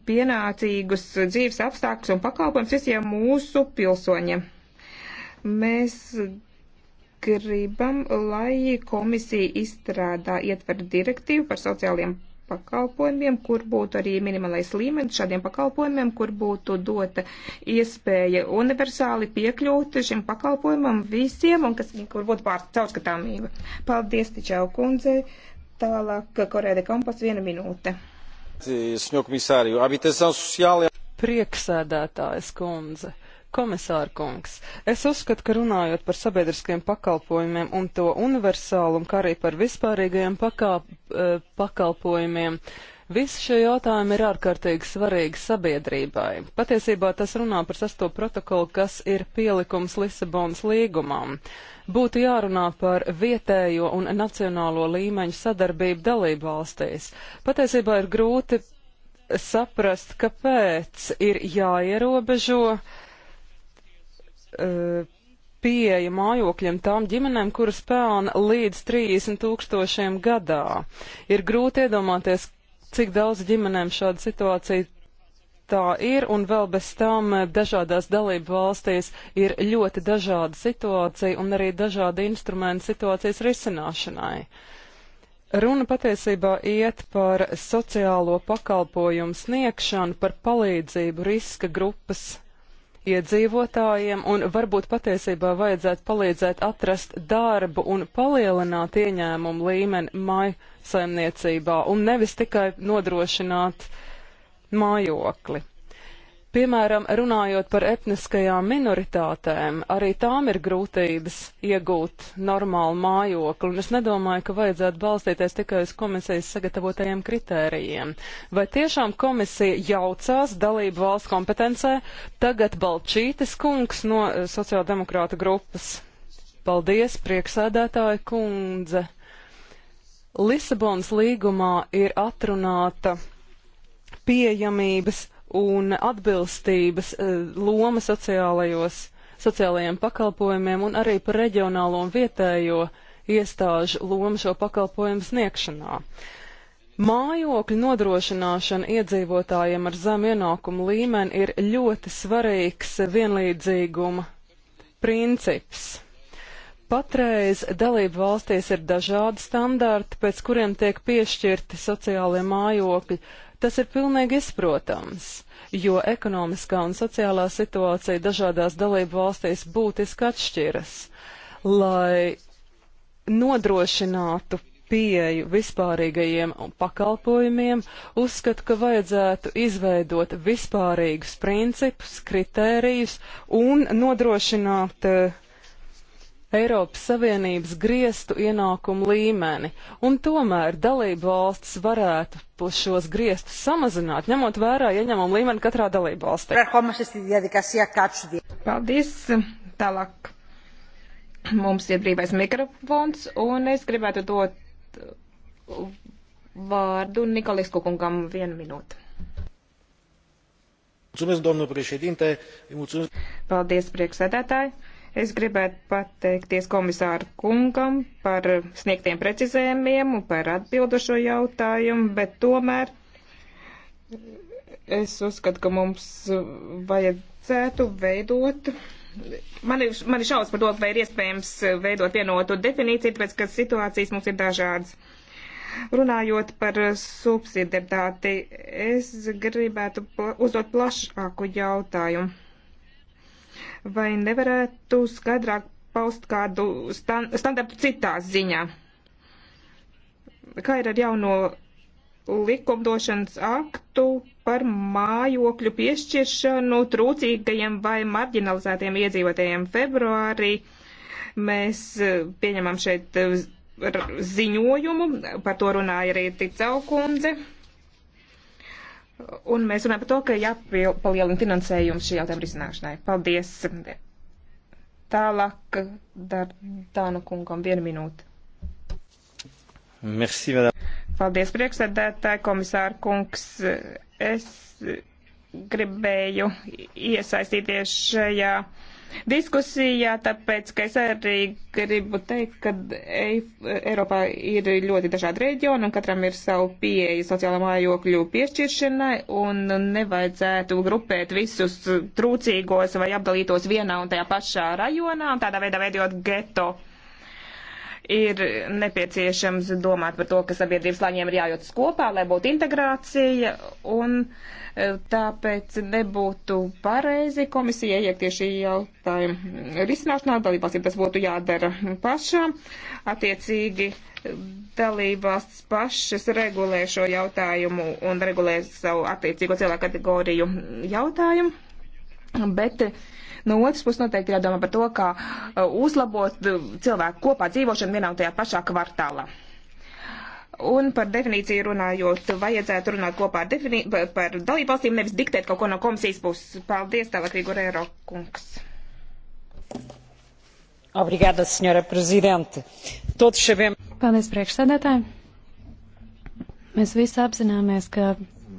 pienācīgus dzīves apstākļus un pakalpojumus visiem mūsu pilsoņiem. Mēs gribam, lai komisija izstrādā ietver direktīvu par sociāliem pakalpojumiem, kur būtu arī minimālais līmenis šādiem pakalpojumiem, kur būtu dota iespēja universāli piekļūt šim pakalpojumam visiem un kas, kur būtu pārcaurskatāmība. Paldies, Tičau kundze. Tālāk, Korēda Kampas, viena minūte. Priekšsēdētājs kundze Komisāra kungs, es uzskatu, ka runājot par sabiedriskiem pakalpojumiem un to universālumu, kā arī par vispārīgajiem pakāp, e, pakalpojumiem, Visi šie jautājumi ir ārkārtīgi svarīgi sabiedrībai. Patiesībā tas runā par sesto protokolu, kas ir pielikums Lisabonas līgumam. Būtu jārunā par vietējo un nacionālo līmeņu sadarbību dalību valstīs. Patiesībā ir grūti saprast, kāpēc ir jāierobežo uh, pieeja mājokļiem tām ģimenēm, kuras pelna līdz 30 tūkstošiem gadā. Ir grūti iedomāties, cik daudz ģimenēm šāda situācija tā ir, un vēl bez tam dažādās dalību valstīs ir ļoti dažāda situācija un arī dažādi instrumenti situācijas risināšanai. Runa patiesībā iet par sociālo pakalpojumu sniegšanu, par palīdzību riska grupas iedzīvotājiem, un varbūt patiesībā vajadzētu palīdzēt atrast darbu un palielināt ieņēmumu līmeni maisaimniecībā, un nevis tikai nodrošināt mājokli. Piemēram, runājot par etniskajām minoritātēm, arī tām ir grūtības iegūt normālu mājokli, un es nedomāju, ka vajadzētu balstīties tikai uz komisijas sagatavotajiem kritērijiem. Vai tiešām komisija jaucās dalību valsts kompetencē? Tagad Balčītis kungs no eh, sociāldemokrāta grupas. Paldies, prieksēdētāja kundze. Lisabons līgumā ir atrunāta pieejamības un atbilstības e, loma sociālajos, sociālajiem pakalpojumiem un arī par reģionālo un vietējo iestāžu lomu šo pakalpojumu sniegšanā. Mājokļu nodrošināšana iedzīvotājiem ar zem ienākumu līmeni ir ļoti svarīgs vienlīdzīguma princips. Patreiz dalību valstīs ir dažādi standarti, pēc kuriem tiek piešķirti sociālie mājokļi, Tas ir pilnīgi izprotams, jo ekonomiskā un sociālā situācija dažādās dalību valstīs būtiski atšķiras. Lai nodrošinātu pieeju vispārīgajiem pakalpojumiem, uzskatu, ka vajadzētu izveidot vispārīgus principus, kritērijus un nodrošināt uh, Eiropas Savienības griestu ienākumu līmeni, un tomēr dalību valsts varētu šos griestus samazināt, ņemot vērā ieņemumu līmeni katrā dalību valstī. Paldies! Tālāk mums ir brīvais mikrofons, un es gribētu dot vārdu Nikolais Kukungam vienu minūtu. Paldies, prieksēdētāji! Es gribētu pateikties komisāru kungam par sniegtiem precizējumiem un par atbildušo jautājumu, bet tomēr es uzskatu, ka mums vajadzētu veidot. Man ir, man ir šaubas par to, vai ir iespējams veidot vienotu definīciju, tāpēc, ka situācijas mums ir dažādas. Runājot par subsidiartāti, es gribētu uzdot plašāku jautājumu vai nevarētu skaidrāk paust kādu stand, standartu citā ziņā? Kā ir ar jauno likumdošanas aktu par mājokļu piešķiršanu trūcīgajiem vai marginalizētiem iedzīvotājiem februārī? Mēs e, pieņemam šeit e, ziņojumu, par to runāja arī Ticau kundze. Un mēs runājam par to, ka jāpalielina finansējums šī jautājuma risināšanai. Paldies! Tālāk Dāna kungam vienu minūti. Merci, madame. Paldies, priekšsēdētāji, komisāra kungs. Es gribēju iesaistīties šajā. Ja diskusijā, tāpēc, ka es arī gribu teikt, ka Eiropā ir ļoti dažādi reģioni un katram ir savu pieeja sociālā mājokļu piešķiršanai un nevajadzētu grupēt visus trūcīgos vai apdalītos vienā un tajā pašā rajonā un tādā veidā veidot geto ir nepieciešams domāt par to, ka sabiedrības slāņiem ir jājūtas kopā, lai būtu integrācija, un e, tāpēc nebūtu pareizi komisija iekties šī jautājuma risināšanā, dalībvalstīm tas būtu jādara pašām, attiecīgi e, dalībvalstis pašas regulē šo jautājumu un regulē savu attiecīgo cilvēku kategoriju jautājumu, bet uh, No otras puses noteikti jādomā par to, kā uh, uzlabot uh, cilvēku kopā dzīvošanu vienā un tajā pašā kvartālā. Un par definīciju runājot, vajadzētu runāt kopā ar defini... par dalībvalstīm, nevis diktēt kaut ko no komisijas puses. Paldies, tālāk Vigorēro kungs. Obrigada, senhora Presidente. Todos sabemos. Paldies, priekšsēdētāji. Mēs visi apzināmies, ka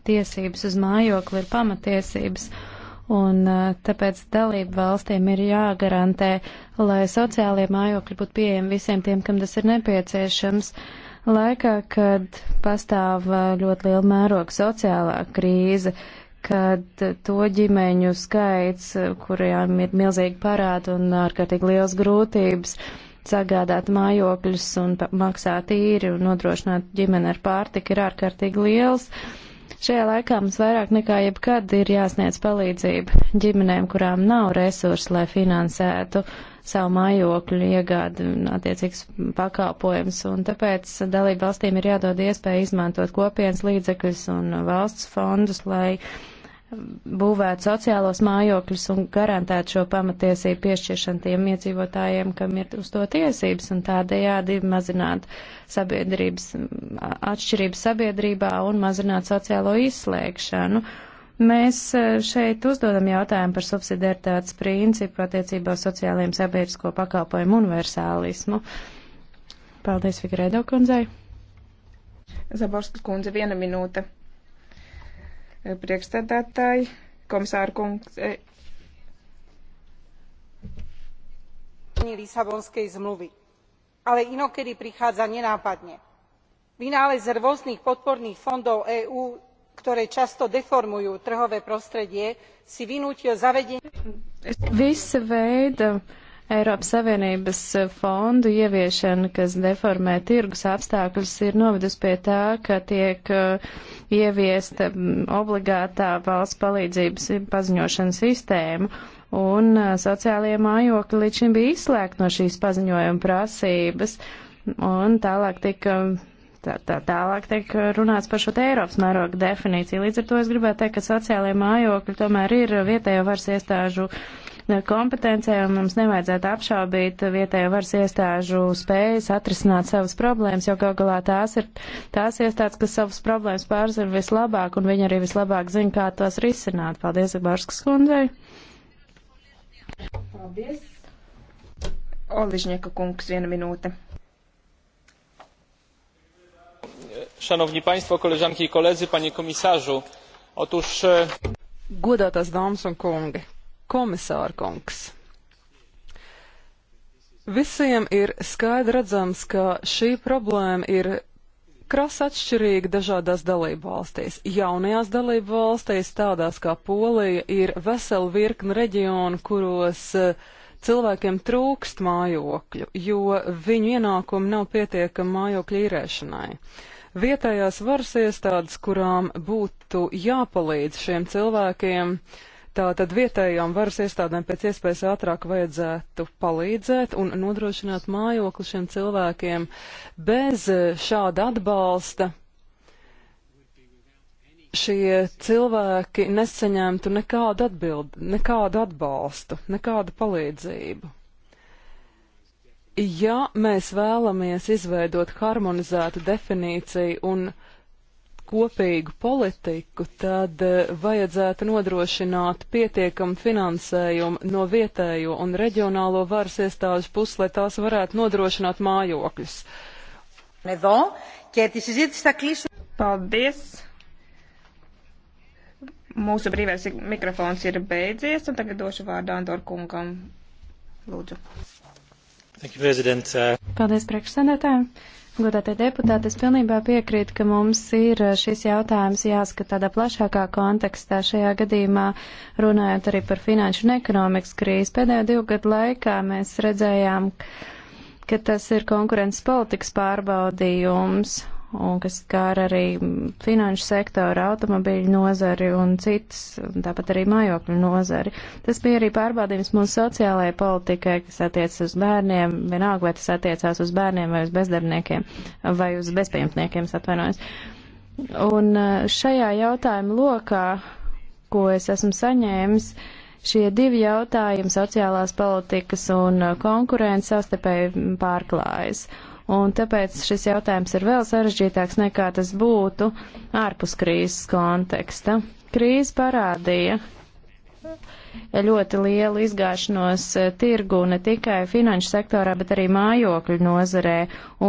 tiesības uz mājokli ir pamatiesības, un tāpēc dalību valstīm ir jāgarantē, lai sociālie mājokļi būtu pieejami visiem tiem, kam tas ir nepieciešams. Laikā, kad pastāv ļoti liela mēroga sociālā krīze, kad to ģimeņu skaits, kuriem ir milzīgi parādi un ārkārtīgi liels grūtības, sagādāt mājokļus un maksāt īri un nodrošināt ģimeni ar pārtiku ir ārkārtīgi liels. Uh, Šajā laikā mums vairāk nekā jebkad ir jāsniedz palīdzība ģimenēm, kurām nav resursi, lai finansētu savu mājokļu iegādi un attiecīgs pakalpojums. Un tāpēc dalību valstīm ir jādod iespēja izmantot kopienas līdzekļus un valsts fondus, lai būvēt sociālos mājokļus un garantēt šo pamatiesību piešķiršanu tiem iedzīvotājiem, kam ir uz to tiesības, un tādējādi mazināt sabiedrības, atšķirības sabiedrībā un mazināt sociālo izslēgšanu. Mēs e, šeit uzdodam jautājumu par subsidiaritātes principu attiecībā uz sociālajiem sabiedrisko pakalpojumu universālismu. Paldies, Figredo kundzei. Zaborskas kundze, viena minūte. Eh, priekšstādātāji, komisāra kungs. Eh, Lisabonskej zmluvy. Ale inokedy prichádza nenápadne. Vynález rôznych podporných fondov EÚ, ktoré často deformujú trhové prostredie, si vynútil zavedenie... Visa veida uh, Eiropas Savienības fondu ieviešana, kas deformē tirgus apstākļus, ir novedus pie tā, ka tiek uh, ieviesta um, obligātā valsts palīdzības paziņošanas sistēma. Un uh, sociālajie mājokļi līdz šim bija izslēgti no šīs paziņojuma prasības, un tālāk tika tā, tā, tālāk tiek runāts par šo Eiropas mēroga definīciju. Līdz ar to es gribētu teikt, ka sociālajie mājokļi tomēr ir vietējo varas iestāžu kompetencē, un mums nevajadzētu apšaubīt vietējo varas iestāžu spējas atrisināt savas problēmas, jo gal galā tās ir tās iestādes, kas savas problēmas pārzina vislabāk, un viņi arī vislabāk zina, kā tās risināt. Paldies, Bārskas kundzei! Paldies! Oližņieka kungs, viena minūte. Szanowni Państwo, koleżanki i koledzy, panie komisarzu, otóż... Eh, Godātās dāmas un kungi, Komisārkungs. Visiem ir skaidri redzams, ka šī problēma ir krasi atšķirīga dažādās dalību valstīs. Jaunajās dalību valstīs, tādās kā Polija, ir vesela virkna reģionu, kuros e, cilvēkiem trūkst mājokļu, jo viņu ienākumi nav pietiekami mājokļu īrēšanai. Vietējās varas iestādes, kurām būtu jāpalīdz šiem cilvēkiem, uh, Tātad vietējām varas iestādēm pēc iespējas ātrāk vajadzētu palīdzēt un nodrošināt mājokli šiem cilvēkiem. Bez eh, šāda atbalsta šie cilvēki nesaņemtu nekādu, atbild, nekādu atbalstu, nekādu palīdzību. Ja mēs vēlamies izveidot harmonizētu definīciju un uh, kopīgu politiku, tad eh, vajadzētu nodrošināt pietiekamu finansējumu no vietējo un reģionālo varas iestāžu puses, lai tās varētu nodrošināt mājokļus. Paldies! Mūsu brīvais mikrofons ir beidzies, un tagad došu vārdu Andor kungam. Lūdzu. You, Paldies, priekšsēdētājiem! Godātie deputāti, es pilnībā piekrītu, ka mums ir eh, šis jautājums jāskat tādā plašākā kontekstā. Šajā gadījumā runājot arī par finanšu un ekonomikas krīzi. Pēdējo divu gadu laikā mēs redzējām, ka tas ir konkurences politikas pārbaudījums un kas skāra arī finanšu sektoru, automobīļu nozari un citas, un tāpat arī mājokļu nozari. Tas bija arī pārbaudījums mūsu sociālajai politikai, kas attiecas uz bērniem, vienalga, vai tas attiecās uz bērniem vai uz bezdarbniekiem, vai uz bezpajumtniekiem, atvainojos. Un eh, šajā jautājuma lokā, ko es esmu saņēmis, šie divi jautājumi - sociālās politikas un eh, konkurence savstarpēji pārklājas un tāpēc šis jautājums ir vēl sarežģītāks nekā tas būtu ārpus krīzes konteksta. Krīze parādīja ļoti lielu izgāšanos tirgu ne tikai finanšu sektorā, bet arī mājokļu nozarē,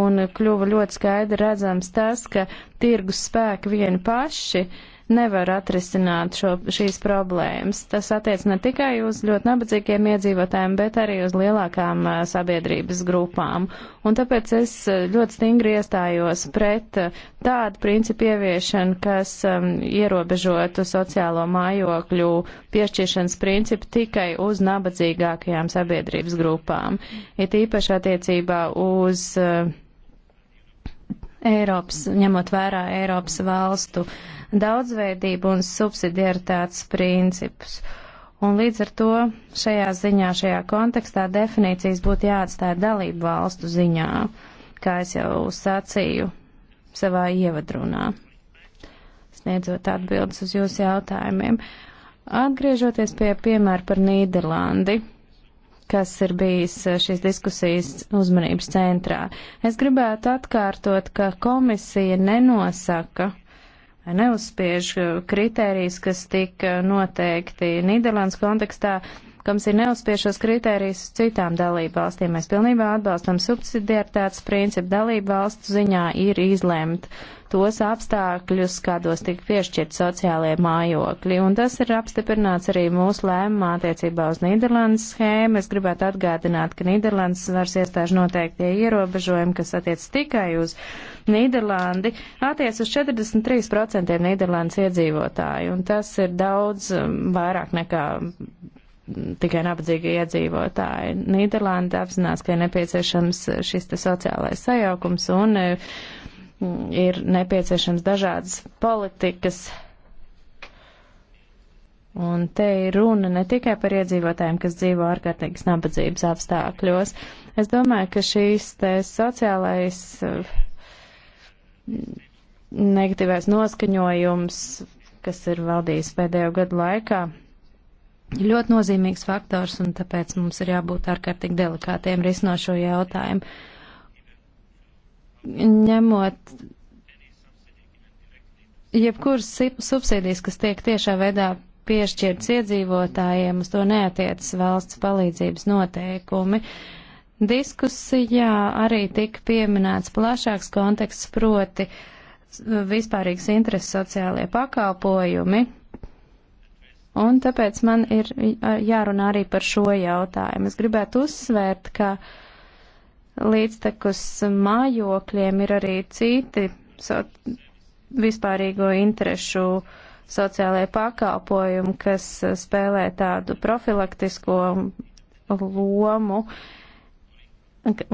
un kļuva ļoti skaidri redzams tas, ka tirgus spēki vieni paši uh, nevar atrisināt šo, šīs problēmas. Tas attiec ne tikai uz ļoti nabadzīgiem iedzīvotājiem, bet arī uz lielākām sabiedrības grupām. Un tāpēc es ļoti stingri iestājos pret tādu principu ieviešanu, kas um, ierobežotu sociālo mājokļu piešķiršanas principu tikai uz nabadzīgākajām sabiedrības grupām. It īpaši attiecībā uz uh, Eiropas, ņemot vērā Eiropas valstu daudzveidību un subsidiaritātes principus. Un līdz ar to šajā ziņā, šajā kontekstā definīcijas būtu jāatstāja dalību valstu ziņā, kā es jau sacīju savā ievadrunā, sniedzot atbildes uz jūsu jautājumiem. Atgriežoties pie piemēra par Nīderlandi, kas ir bijis eh, šīs diskusijas uzmanības centrā. Es gribētu atkārtot, ka komisija nenosaka vai neuzspiež eh, kritērijas, kas tika noteikti Nīderlandes kontekstā, kams ir neuzspiešos kritērijas uz citām dalību valstīm. Mēs pilnībā atbalstam subsidiaritātes principu dalību valstu ziņā ir izlemt tos apstākļus, kādos tika piešķirt sociālie mājokļi, un tas ir apstiprināts arī mūsu lēmumā attiecībā uz Nīderlandes schēmu. Es gribētu atgādināt, ka Nīderlandes varas iestāžu noteiktie ierobežojumi, kas attiec tikai uz Nīderlandi, attiec uz 43% Nīderlandes iedzīvotāju, un tas ir daudz um, vairāk nekā tikai nabadzīgi iedzīvotāji. Nīderlanda apzinās, ka ir nepieciešams šis sociālais sajaukums un e, ir nepieciešams dažādas politikas. Un te ir runa ne tikai par iedzīvotājiem, kas dzīvo ārkārtīgas nabadzības apstākļos. Es domāju, ka šīs te sociālais e, negatīvais noskaņojums, kas ir valdījis pēdējo gadu laikā, ļoti nozīmīgs faktors, un tāpēc mums ir jābūt ārkārtīgi delikātiem risinot šo jautājumu. Ņemot jebkuras subsīdijas, kas tiek tiešā veidā piešķirts iedzīvotājiem, uz to neatiecas valsts palīdzības noteikumi. Diskusijā arī tika pieminēts plašāks konteksts, proti vispārīgs intereses sociālie pakalpojumi, Un tāpēc man ir jārunā arī par šo jautājumu. Es gribētu uzsvērt, ka līdztekus mājokļiem ir arī citi so vispārīgo interešu sociālajie pakalpojumi, kas spēlē tādu profilaktisko lomu. Uh,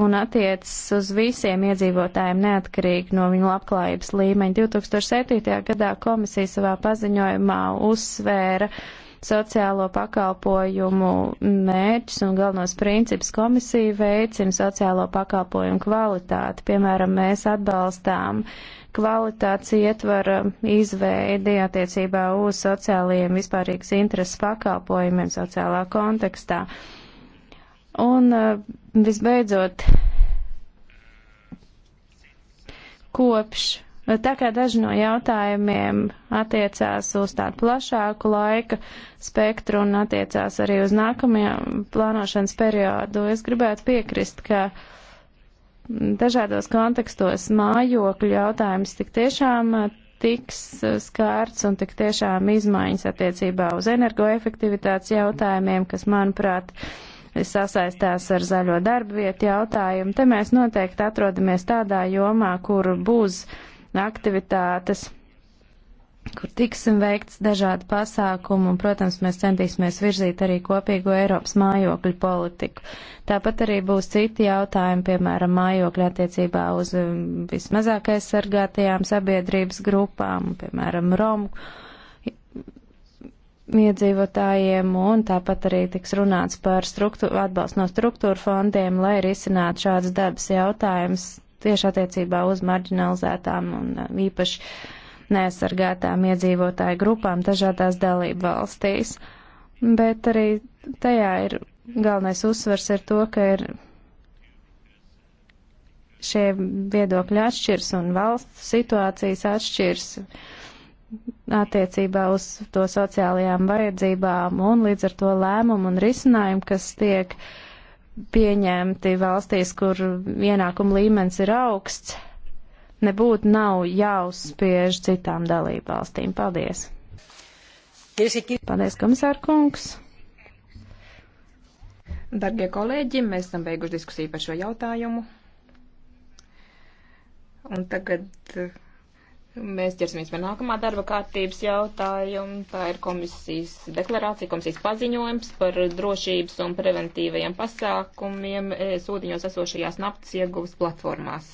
un attiecas uz visiem iedzīvotājiem neatkarīgi no viņu labklājības līmeņa. 2007. gadā komisija savā paziņojumā uzsvēra sociālo pakalpojumu mērķus un galvenos principus komisija veicina sociālo pakalpojumu kvalitāti. Piemēram, mēs atbalstām kvalitātes ietvara izveidi attiecībā uz sociālajiem vispārīgas intereses pakalpojumiem sociālā kontekstā. Uh, Un eh, visbeidzot, kopš, eh, tā kā daži no jautājumiem attiecās uz tādu plašāku laika spektru un attiecās arī uz nākamajām plānošanas periodu, es gribētu piekrist, ka dažādos kontekstos mājokļu jautājums tik tiešām eh, tiks skārts un tik tiešām izmaiņas attiecībā uz energoefektivitātes jautājumiem, kas, manuprāt, uh, sasaistās ar zaļo darbu vietu jautājumu. Te mēs noteikti atrodamies tādā jomā, kur būs aktivitātes, kur tiksim veikts dažādi pasākumi, un, protams, mēs centīsimies virzīt arī kopīgo Eiropas mājokļu politiku. Tāpat arī būs citi jautājumi, piemēram, mājokļu attiecībā uz um, vismazākais sargātajām sabiedrības grupām, piemēram, Romu iedzīvotājiem, un tāpat arī tiks runāts par atbalstu no struktūra fondiem, lai risinātu šādas dabas jautājumus tieši attiecībā uz marginalizētām un uh, īpaši neaizsargātām iedzīvotāju grupām dažādās dalību valstīs. Bet arī tajā ir galvenais uzsvers ir to, ka ir šie viedokļi atšķirs un valsts situācijas atšķirs. Uh, attiecībā uz to sociālajām vajadzībām un līdz ar to lēmumu un risinājumu, kas tiek pieņemti valstīs, kur ienākuma līmenis ir augsts, nebūtu nav jāuzspiež citām dalību valstīm. Paldies! Paldies, komisārkungs! Darbie kolēģi, mēs esam beiguši diskusiju par šo jautājumu. Un tagad Mēs ķersimies pie nākamā darba kārtības jautājuma. Tā ir komisijas deklarācija, komisijas paziņojums par drošības un preventīvajiem pasākumiem e, sūdiņos esošajās naftas ieguves platformās.